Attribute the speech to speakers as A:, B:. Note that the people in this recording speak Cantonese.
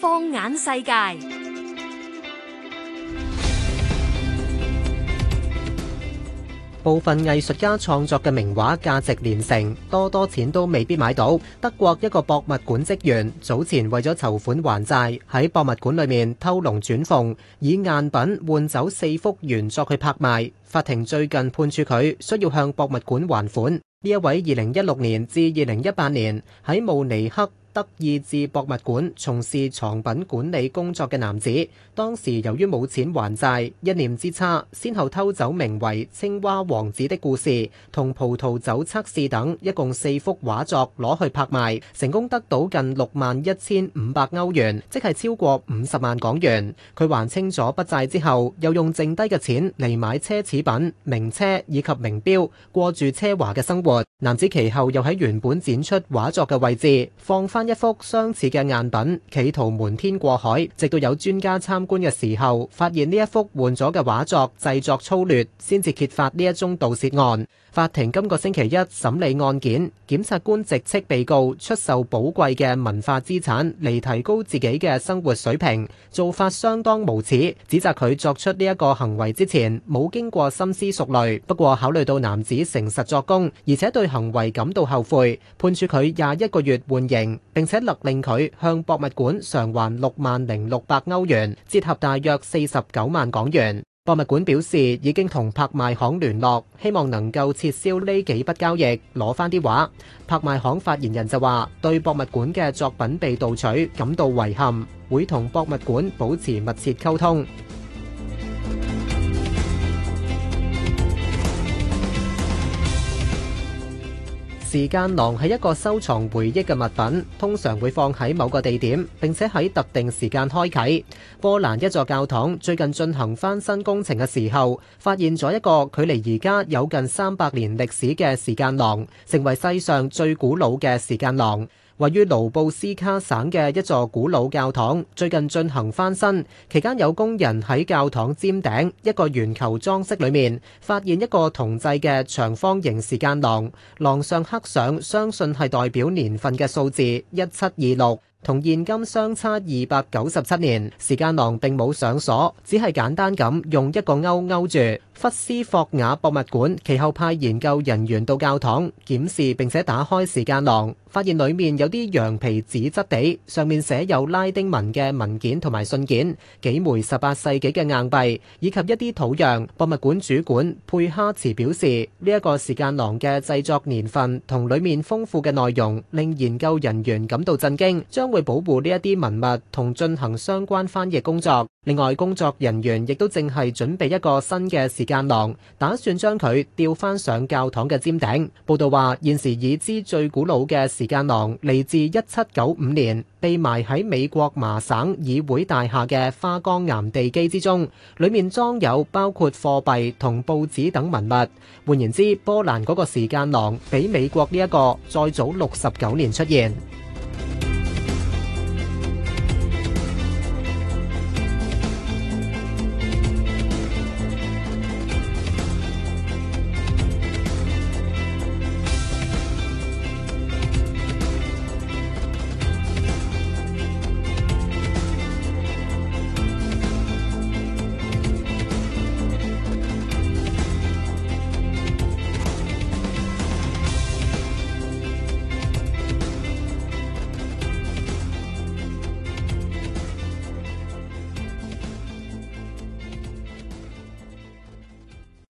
A: 放眼世界，部分藝術家創作嘅名畫價值連城，多多錢都未必買到。德國一個博物館職員早前為咗籌款還債，喺博物館裏面偷龍轉鳳，以贋品換走四幅原作去拍賣。法庭最近判處佢需要向博物館還款。呢一位，二零一六年至二零一八年喺慕尼黑德意志博物館從事藏品管理工作嘅男子，當時由於冇錢還債，一念之差，先後偷走名為《青蛙王子》的故事同葡萄酒測試等一共四幅畫作，攞去拍賣，成功得到近六萬一千五百歐元，即係超過五十萬港元。佢還清咗筆債之後，又用剩低嘅錢嚟買奢侈品、名車以及名錶，過住奢華嘅生活。男子其後又喺原本展出畫作嘅位置放返一幅相似嘅贋品，企圖瞞天過海，直到有專家參觀嘅時候，發現呢一幅換咗嘅畫作製作粗劣，先至揭發呢一宗盜竊案。法庭今個星期一審理案件，檢察官直斥被告出售寶貴嘅文化資產嚟提高自己嘅生活水平，做法相當無恥，指責佢作出呢一個行為之前冇經過深思熟慮。不過考慮到男子誠實作供，而且對行為感到後悔，判處佢廿一個月緩刑。並且勒令佢向博物館償還六萬零六百歐元，折合大約四十九萬港元。博物館表示已經同拍賣行聯絡，希望能夠撤銷呢幾筆交易，攞翻啲畫。拍賣行發言人就話：對博物館嘅作品被盜取感到遺憾，會同博物館保持密切溝通。時間囊係一個收藏回憶嘅物品，通常會放喺某個地點，並且喺特定時間開啟。波蘭一座教堂最近進行翻新工程嘅時候，發現咗一個距離而家有近三百年歷史嘅時間囊，成為世上最古老嘅時間囊。位於盧布斯卡省嘅一座古老教堂，最近進行翻新，期間有工人喺教堂尖頂一個圓球裝飾裏面，發現一個銅製嘅長方形時間囊。囊上刻上相，相信係代表年份嘅數字一七二六。同現今相差二百九十七年，時間囊並冇上鎖，只係簡單咁用一個勾勾住。弗斯霍雅博物館其後派研究人員到教堂檢視並且打開時間囊，發現裡面有啲羊皮紙質地，上面寫有拉丁文嘅文件同埋信件，幾枚十八世紀嘅硬幣以及一啲土壤。博物館主管佩哈茨表示，呢、這、一個時間囊嘅製作年份同裡面豐富嘅內容令研究人員感到震驚，將會保護呢一啲文物同進行相關翻譯工作。另外，工作人員亦都正係準備一個新嘅時間囊，打算將佢調翻上教堂嘅尖頂。報道話，現時已知最古老嘅時間囊嚟自一七九五年，被埋喺美國麻省議會大廈嘅花崗岩地基之中，裡面裝有包括貨幣同報紙等文物。換言之，波蘭嗰個時間囊比美國呢一個再早六十九年出現。